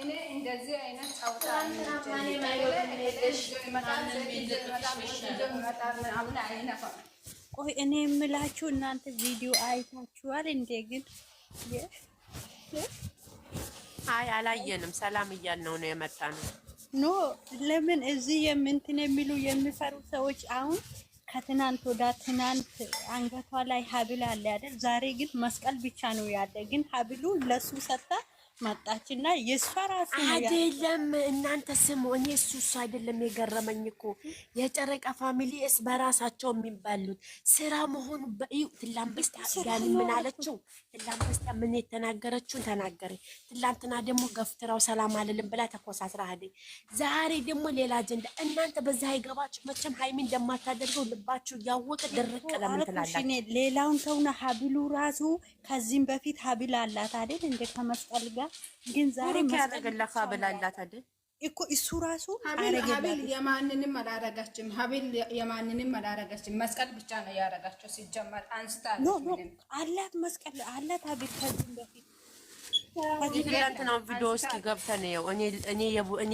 እኔ ቆይ እኔ የምላችሁ እናንተ ቪዲዮ አይታችኋል እንዴ? ግን አይ አላየንም። ሰላም እያል ነው የመጣነው። ኖ ለምን እዚህ የምንትን የሚሉ የሚፈሩ ሰዎች አሁን ከትናንት ወዳ ትናንት አንገቷ ላይ ሀብል አለ አይደል? ዛሬ ግን መስቀል ብቻ ነው ያለ። ግን ሀብሉ ለሱ ሰጣ መጣችና የእሷ ራሱ አይደለም። እናንተ ስሙ፣ እኔ እሱ እሱ አይደለም የገረመኝ እኮ የጨረቃ ፋሚሊ እስ በራሳቸው የሚባሉት ስራ መሆኑ በእዩ ትላንበስት ያን ምን አለችው? ትላንበስት ምን የተናገረችውን ተናገረ። ትላንትና ደግሞ ገፍትራው ሰላም አልልም ብላ ተኮሳስራ ሄደ። ዛሬ ደግሞ ሌላ አጀንዳ። እናንተ በዛ አይገባችሁ መቼም። ሃይሚ እንደማታደርገው ልባችሁ እያወቀ ድርቅ ለምን ሌላውን ተውና ሀብሉ ራሱ ከዚህም በፊት ሀብል አላት አይደል እንደ ከመስቀል ጋር ይችላል። ግን ዛሬ ያደረገለካ ብላላት አለ እኮ እሱ ራሱ ሀቤል የማንንም አላረጋችም። ሀቤል የማንንም አላረጋችም። መስቀል ብቻ ነው ያረጋቸው። ሲጀመር አንስታ አላት መስቀል አላት ሀቤል ከዚህም በፊት ትላንትና ቪዲዮ እስኪ ገብተን ይኸው እኔ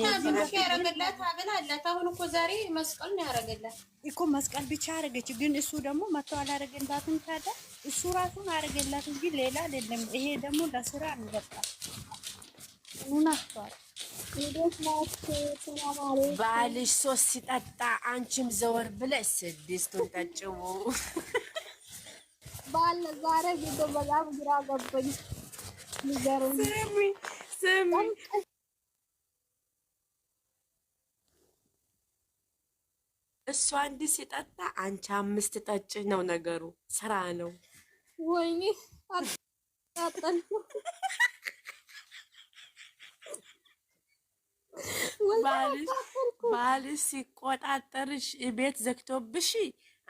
ያረገላት እኮ መስቀል ብቻ አረገች። ግን እሱ ደግሞ መቶ አላረገላትም። ታዲያ እሱ ራሱን አረገላት እንጂ ሌላ አይደለም። ይሄ ደግሞ ለስራ አንገባል ባልሽ ሶስት ሲጠጣ አንቺም ዘወር ብለሽ ስድስቱን ጠጭቡ ባል ዛሬ በጣም ግራ ገባኝ። እሱ አንድ ሲጠጣ አንቺ አምስት ጠጭ ነው ነገሩ። ስራ ነው። ወይኔ ባልሽ ሲቆጣጠርሽ ቤት ዘግቶብሽ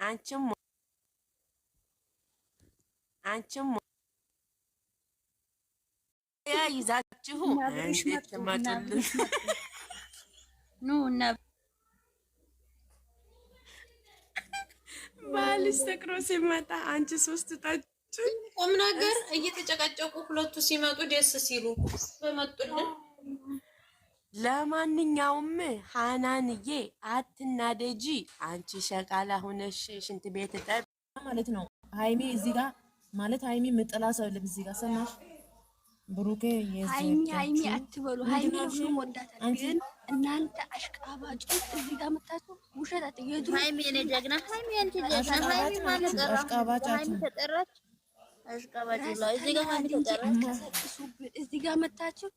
አንቺም ያ ይዛችሁ ኑ እና ባልሽ ሰክሮ ሲመጣ አንቺ ሶስት ታችሁ ቁም ነገር እየተጨቃጨቁ ሁለቱ ሲመጡ ደስ ሲሉ በመጡልን። ለማንኛውም ሀናንዬ አትናደጂ። አንቺ ሸቃላ ሆነሽ ሽንት ቤት ጠብ ማለት ነው። ሀይሚ እዚህ ጋር ማለት ሀይሚ ምጥላ ሰው ልብ እዚህ ጋር ሰማሽ ብሩኬ ሀይሚ አትበሉ። ሀይሚ ወዳታል፣ ግን እናንተ አሽቃባጮች እዚህ ጋር መታችሁ ውሸት አት ሀይሚ የኔ ጀግና ሀይሚ አንቺ ጀግና ሀይሚ ሀይሚ ተጠራች። አሽቃባጭ እዚህ ጋር ተጠራች። እዚህ ጋር መታችሁ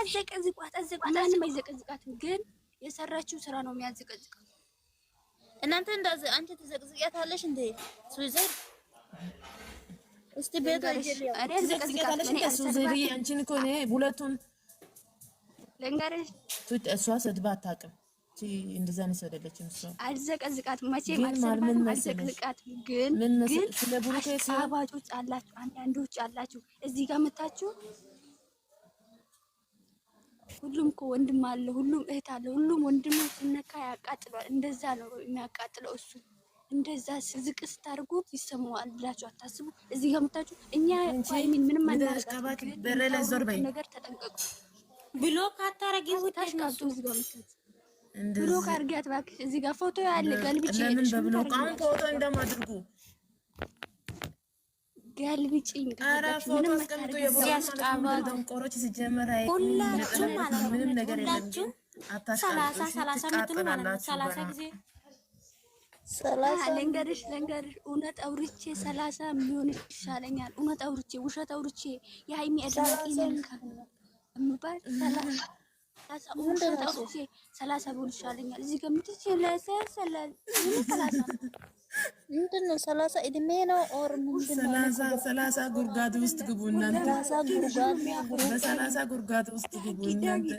አዘቀዝቋት፣ ማንም አይዘቀዝቃትም፣ ግን የሰራችው ስራ ነው የሚያዘቀዝቀው። እናንተ እንዳዘ አንቺ ተዘቅዝቅያታለሽ እንዴ ሱይዘር እስቲ ቤት አንቺን እኮ እኔ ሁለቱን ልንገርሽ፣ እሷ ስትባ አታውቅም። እንደዛ ነው አይደለችም። እሷ አልዘቀዝቃት መቼም አልዘቀዝቃትም። ግን ግን ስለ ቡሩኬ አባጮች አላችሁ፣ አንዳንዶች አላችሁ እዚህ ጋር መታችሁ። ሁሉም እኮ ወንድም አለ፣ ሁሉም እህት አለ፣ ሁሉም ወንድም ሲነካ ያቃጥሏል። እንደዛ ነው የሚያቃጥለው እሱ እንደዛ ዝቅ ስታደርጉ ይሰማዋል ብላችሁ አታስቡ። እዚህ ጋር እኛ ሀይሚን ምንም ነገር ተጠንቀቁ። ብሎክ አታረጊ እዚህ ብሎክ አድርጊያት እባክሽ። እዚህ ጋር ፎቶ ያለ በብሎክ ፎቶ እንደማድርጉ ገልብጭኝ ምንም ሰላሳ ሰላሳ ጊዜ ልንገርሽ ልንገርሽ እውነት አውርቼ ሰላሳ ሚሊዮን ይሻለኛል። እውነት አውርቼ ውሸት አውርቼ የሀይሚ አድናቂ የሚባል ሰላሳ ብሆን ይሻለኛል። እዚህ ገምትቼ ምንድን ነው ሰላሳ እድሜ ነው ኦር ሰላሳ ጉርጋድ ውስጥ ግቡ እናንተ። በሰላሳ ጉርጋድ ውስጥ ግቡ እናንተ።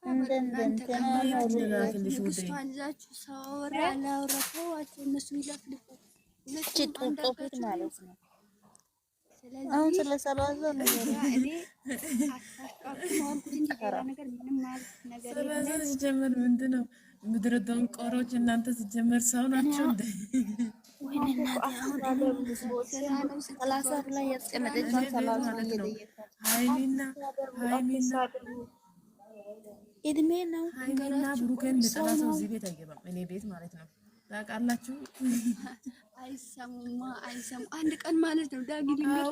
አሁን ስለ ሰላሳ ነው ሲጀመር ምንድን ነው? ምድረ ደንቆሮች እናንተ ሲጀመር ሰው ናቸው እንደ ሀይሚና ሀይሚና እድሜ ነው። ሀይሚና ብሩኬን ልጠላ ሰው እዚህ ቤት አይገባም። እኔ ቤት ማለት ነው። ታውቃላችሁ፣ አይሰሙማ አይሰሙ። አንድ ቀን ማለት ነው ዳጊ ሊመሽ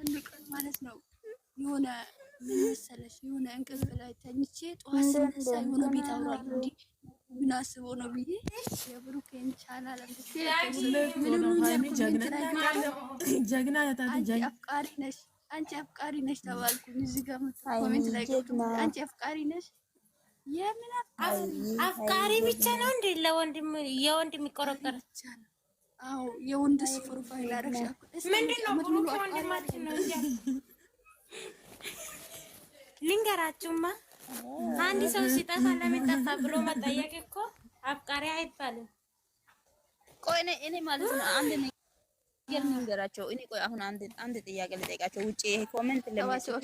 አንድ ቀን ማለት ነው የሆነ ምን መሰለሽ የሆነ እንቅልፍ ላይ ተኝቼ ጠዋት ስነሳ የሆነ ቤት አውራል እንዲ ምን አስቦ ነው ብዬ የብሩኬን ጀግና አፍቃሪ ነሽ አንቺ አፍቃሪ ነሽ ተባልኩኝ። እዚህ ጋር ኮሜንት ላይ አንቺ አፍቃሪ ነሽ። የምን አፍቃሪ ብቻ ነው እንዴ? ለወንድም የወንድ የሚቆረቆር አዎ፣ የወንድ ፕሮፋይል አደረግሽ። ምንድን ነው ብሩክ ወንድማችን ነው እንጂ ልንገራችሁማ፣ አንድ ሰው ሲጠፋ ለምን ጠፋ ብሎ መጠየቅ እኮ አፍቃሪ አይባልም። ቆይ እኔ ማለት ነው አንድ ነገር ንገራቸው። እኔ ቆይ አሁን አንድ አንድ ጥያቄ ልጠይቃቸው። ውጪ ይሄ ኮሜንት ለምትሰሩ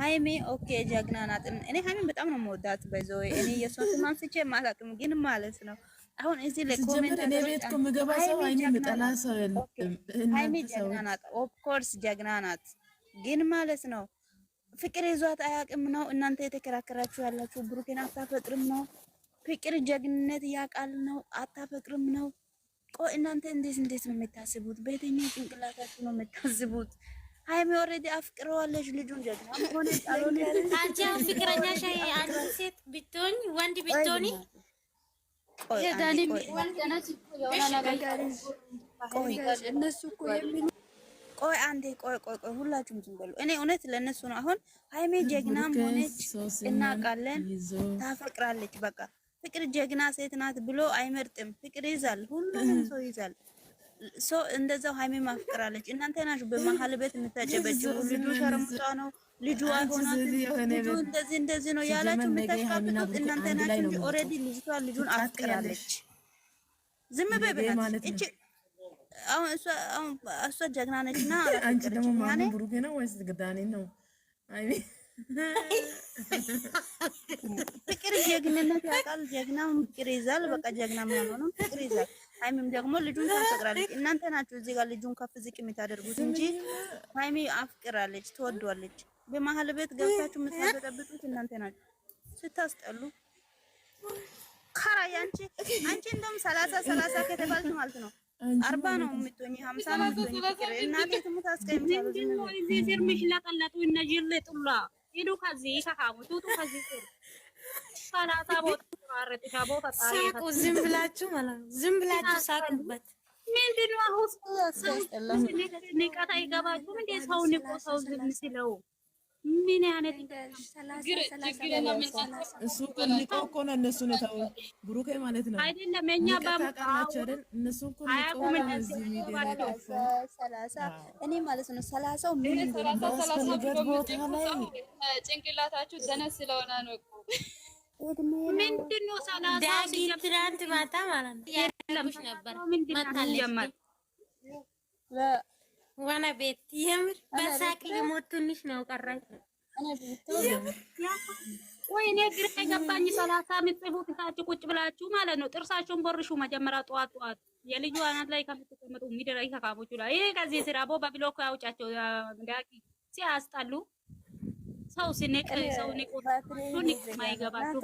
ሃይሜ ኦኬ ጀግና ናት። እኔ በጣም ነው የምወዳት። በዛው እኔ የሷን ማላቅም ግን ማለት ነው። አሁን እዚህ ለኮሜንት እኔ ቤት ከምገባ ሰው ሃይሜ ሰው የለም። ሃይሜ ጀግና ናት። ኦፍ ኮርስ ጀግና ናት። ግን ማለት ነው ፍቅር ይዟት አያውቅም ነው እናንተ የተከራከራችሁ ያላችሁ። ብሩኬን አታፈቅርም ነው ፍቅር ጀግንነት ያውቃል ነው አታፈቅርም ነው ቆይ እናንተ እንዴት እንዴት ነው የምታስቡት? በየትኛው ጭንቅላታችሁ ነው የምታስቡት? ሀይሚ ኦልሬዲ አፍቅረዋለች ልጁን። ጀግና ሆነ ጣሎን አንቺ አፍቅረኛ ሻይ አንቺ ሴት ብትሆኝ ወንድ ብትሆኝ ቆይ አንዴ ቆይ ቆይ ቆይ ሁላችሁም ዝም በሉ። እኔ እውነት ለእነሱ ነው አሁን ሀይሜ ጀግናም ሆነች እናውቃለን፣ ታፈቅራለች በቃ ፍቅር ጀግና ሴት ናት ብሎ አይመርጥም። ፍቅር ይዛል፣ ሁሉንም ሰው ይዛል። ሶ እንደዛው ሀይሜ ማፍቅራለች። እናንተ ናችሁ በመሀል ቤት የምታጨበጭቡ ልጁ ሸርሙጣ ነው ልጁ አይሆና ልጁ እንደዚህ እንደዚህ ነው ያላችሁ የምታሽፋብጡት እናንተ ናችሁ እንጂ ኦልሬዲ ልጅቷ ልጁን አፍቅራለች። ዝም በይ በናት አሁን እሷ አሁን እሷ ጀግና ነች እና አንቺ ደግሞ ማሙ ብሩጌ ነው ወይስ ግዳኔ ነው? አይ ፍቅር ጀግንነት ያውቃል። ጀግናም ፍቅር ይዛል። በቃ ጀግና ምናምን ፍቅር ይዛል። ሀይሚም ደግሞ ልጁን ታፈቅራለች። እናንተ ናችሁ እዚህ ጋር ልጁን ከፍ ዝቅ የምታደርጉት እንጂ ሀይሚ አፍቅራለች፣ ትወዷለች። በመሀል ቤት ገብታችሁ የምታበጠብጡት እናንተ ናችሁ። ስታስጠሉ ካራ ያንቺ አንቺ እንደውም ሰላሳ ሰላሳ ከተባልት ማለት ነው አርባ ነው የምትሆኝ፣ ሀምሳ ነው የምትሆኝ። እናቴ ትሙት አስቀምታለሁ ሂዱ ከዚህ ከካሙ ቱቱ ከዚህ ጥሩ ሰላሳ ቦታ ተራረጥ ሻቦ ሳቁ። ዝም ብላችሁ ማለት ዝም ብላችሁ ሳቁበት። ምንድነው አሁን ንቀት አይገባችሁም እንዴ? ሰው ንቆ ሰው ዝም ሲለው ምን አይነት እሱ እኮ ነው እነሱ ነው ብሩኬ ማለት ነው አይደለም። እኛ ባሙቃቸርን እነሱ እኮ እኔ ማለት ነው ሰላሳው ምን እንደሚገርም ቦታ ላይ ጭንቅላታችሁ ደነስ ስለሆነ ነው ምንድን ነው ሰላሳው ትናንት ማታ ማለት ነው ዋና ቤት የምር በሳቅ የሞት ትንሽ ነው ቀራኝ። ወይኔ ግር ግራ የገባኝ ሰላሳ የምትጽፉ ፊታችሁ ቁጭ ብላችሁ ማለት ነው። ጥርሳችሁን በርሹ መጀመሪያ ጠዋት ጠዋት የልጁ አናት ላይ ከምትቀመጡ የሚደረግ ተካሞች ላይ ይሄ ከዚህ ስራ ቦ በብሎክ ያውጫቸው ዳቂ ሲያስጣሉ ሰው ሲነቅ ሰው ንቁ ማይገባቸው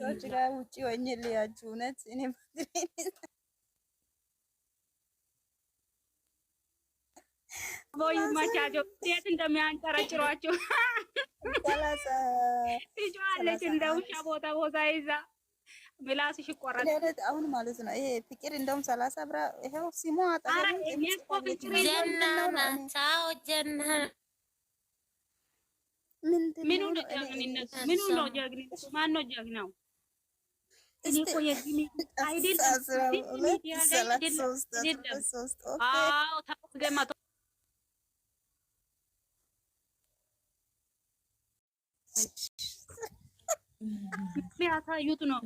ሰዎች ጋር ውጭ ወኝልያችሁ እውነት እኔ ወይ ማቻቸው እንዴት እንደሚያንጨረጭሯቸው ትጫዋለች። እንደ ውሻ ቦታ ቦታ ይዛ ምላስሽ ይቆረጣል። አሁን ማለት ነው ይሄ ፍቅር እንደውም ሰላሳ ብራ ይሄው ሲሞ ምኑ ነው የሚያሳዩት ነው።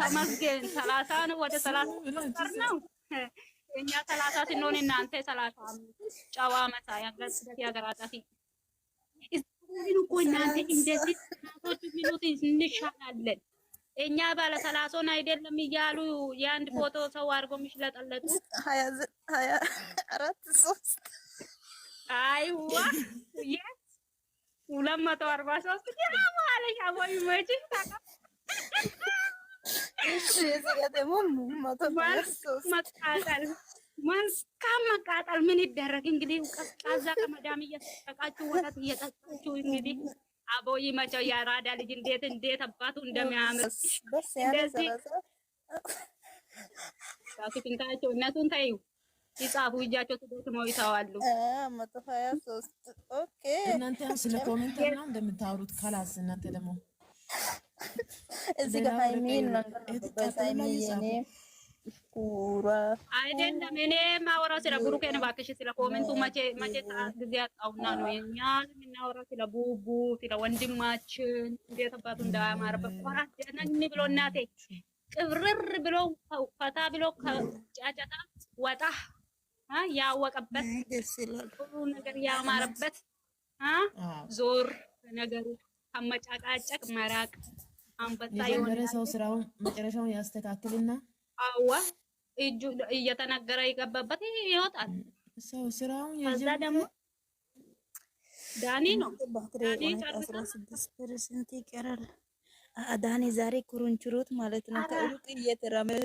ተመስገን ሰላሳ ነው፣ ወደ ሰላሳ ነው። እኛ ሰላሳ ስንሆን እናንተ ሰላሳ ጨዋ መሳ ያገስበት ያገራጣፊ እዚህን እኮ እናንተ እንደዚህ እናቶች ሚሉት እንሻላለን። እኛ ባለ ሰላሶን አይደለም እያሉ የአንድ ፎቶ ሰው አድርጎ የሚሽለጠለጡ ሀያ አራት ሶስት አይዋ ሁለት መቶ አርባ ሶስት ማለሽ አዋይ መቼ መቃጠል ከመቃጠል ምን ይደረግ እንግዲህ ቀዝቃዛ ከመዳም እየሰቃችሁ ወተት እየጠጣችሁ እንግዲህ አቦይ መቸው ያራዳ ልጅ እንዴት እንዴት አባቱ እንደሚያምር እንደዚህ ታኪ እነሱን ተይው። ይጻፉ እጃቸው ተደክመው ይተዋሉ። መቶ ሀያ ሶስት ኦኬ። እናንተ ስለ ኮሜንት ነው እንደምታወሩት ካላስ እናንተ ደግሞ እዚህ ጋር ሃይሚን አይደለም እኔ ማወራ ስለ ብሩኬን ባክሽ፣ ስለ ኮሜንቱ መቼ መቼ ሰዓት ጊዜ አጣውና ነው የኛ የምናወራ ስለ ቡቡ ስለ ወንድማችን እንዴት አባቱ እንዳያማርበት ኮራት ብሎ እናቴ ቅብርር ብሎ ፈታ ብሎ ጫጫታ ወጣ ያወቀበት ጥሩ ነገር ያማረበት ዞር ነገሩ ከመጫቃጨቅ መራቅ አንበጣ የሆነ ሰው ስራውን መጨረሻውን ያስተካክልና አዋ እጁ እየተነገረ ይገባበት ይወጣል። ሰው ስራውን ከዛ ደግሞ ዳኒ ነው ዳኒ ዛሬ ኩሩንችሮት ማለት ነው ከሩቅ እየተራመደ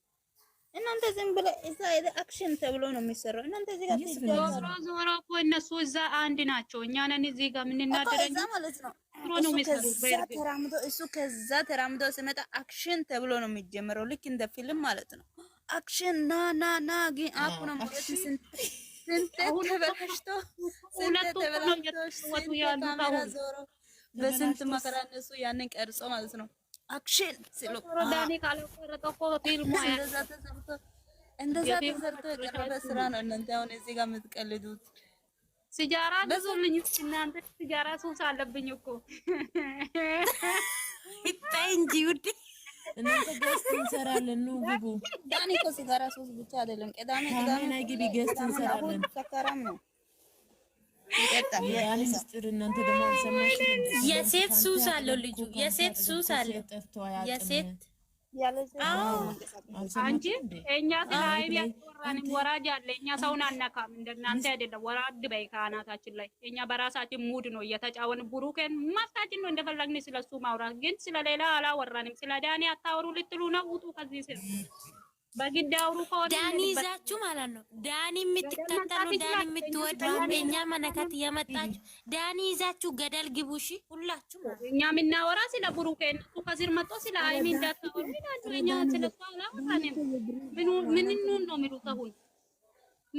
እናንተ ዝም ብለ እዛ አክሽን ተብሎ ነው የሚሰራው። እናንተ እዚህ ጋር ዞሮ ዞሮ እነሱ እዛ አንድ ናቸው። እኛ ነን እዚህ ጋር የምንናደረኝ ተራምዶ እሱ ከዛ ተራምዶ ሲመጣ አክሽን ተብሎ ነው የሚጀምረው። ልክ እንደ ፊልም ማለት ነው። አክሽን ና ና ና ግን አቁ ነው ማለት ስንት ተበላሽቶ ስንት ተበላሽቶ ስንት ካሜራ ዞሮ በስንት መከራ እነሱ ያንን ቀርጾ ማለት ነው አክሽን ሲሉ ዳኒ ካልቆረጠ እኮ ፊልሙ እንደዛ ተሰርቶ የቀረበ ስራ ነው። እናንተ አሁን እዚህ ጋር የምትቀልዱት ሲጃራ ልዙልኝ እናንተ ሲጃራ ሱስ አለብኝ እኮ ይታይ እንጂ ውድ እናንተ ገስት እንሰራለን ነው ግቡ። ዳኒ እኮ ሲጋራ ሱስ ብቻ አይደለም። ቅዳሜ ቅዳሜ ነግቢ ገስት እንሰራለን ሰካራም ነው የሴት ሱስ አለው ልጁ። የሴት ሱስ አለው። የሴት አንቺ እኛ ስለ አይብ ያወራንም ወራጅ አለ። እኛ ሰውን አናካም፣ እንደናንተ አይደለም። ወራድ በይ ከአናታችን ላይ እኛ በራሳችን ሙድ ነው እየተጫወን ብሩኬን ማፍታችን ነው እንደፈለግን። ስለሱ ማውራት ግን ስለሌላ አላወራንም። ስለ ዳኒ አታወሩ ልትሉ ነው? ውጡ ከዚህ ስር በግድ አውሩ ከሆነ ዳኒ ይዛችሁ ማለት ነው። ዳኒ የምትከተሉ ዳኒ የምትወዱ እኛ መነከት የመጣችሁ ዳኒ ይዛችሁ ገደል ግቡ። እሺ ሁላችሁ እኛ የምናወራ ስለ ብሩኬ እነሱ ከስር መጥቶ ስለ አይሚ እንዳታወሩ ይላችሁ። እኛ ስለሷላ ወራኔም ምን ምን ነው ምሩታሁን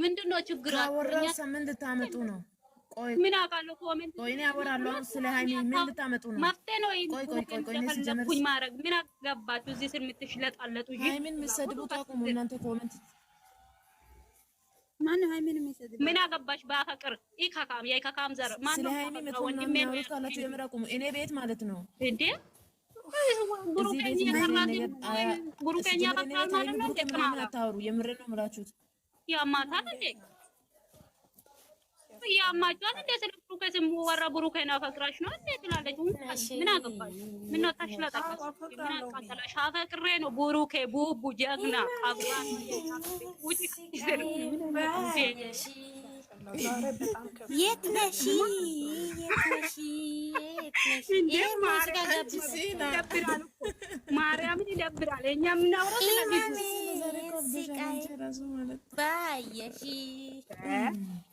ምንድነው ችግራችሁ? እኛ ሰምንት ነው ቆይ ምን አውቃለሁ። ኮሜንት ቆይ እኔ አወራለሁ። አሁን ስለ ሃይሚ ምን ልታመጡ ነው? መፍትሄ ነው። ቆይ ቆይ ቆይ ቆይ ሲጀምርኩኝ ማድረግ ምን አገባችሁ? እዚህ ስር የምትሽለጣለጡ ይሄ ሃይሚን የምትሰድቡት አቁሙ። እናንተ ኮሜንት ማነው ሃይሚን የሚሰድብ? ምን አገባሽ? በአፈቅር ኢካካም የኢካካም ዘር ማነው? ስለ ሃይሚ ወንድሜ ነው ያላችሁ። የምር አቁሙ። እኔ ቤት ማለት ነው እንዴ ጉሩቀኛ ጉሩቀኛ ማለት ነው። የምር ነው የምላችሁት ያማታል እንዴ ያማቸዋል እንደ ስለ ብሩኬ ስም ወራ ብሩኬን አፈቅራሽ ነው እንዴ ትላለች። ምን አገባሽ? ምን ወጣሽ? ላጣፋሽ ምን አቃጠላሽ? አፈቅሬ ነው ብሩኬ ቡቡ ጀግና አብራን ውጪ ከስር የት ነሽ? ማርያምን ይደብራል። እኛ የምናወራው ስለዚህ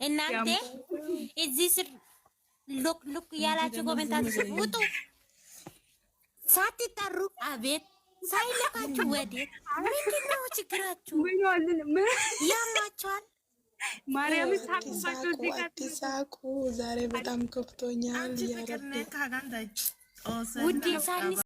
እናንተ እዚህ ስር ሉክ ሉክ ያላችሁ ኮሜንታችሁ ውጡ ሳትጠሩ አቤት ሳይለቃችሁ ወዴት ምንድን ነው ችግራችሁ? ያማችኋል። ማርያም ሳቁ ዛሬ በጣም ከፍቶኛል።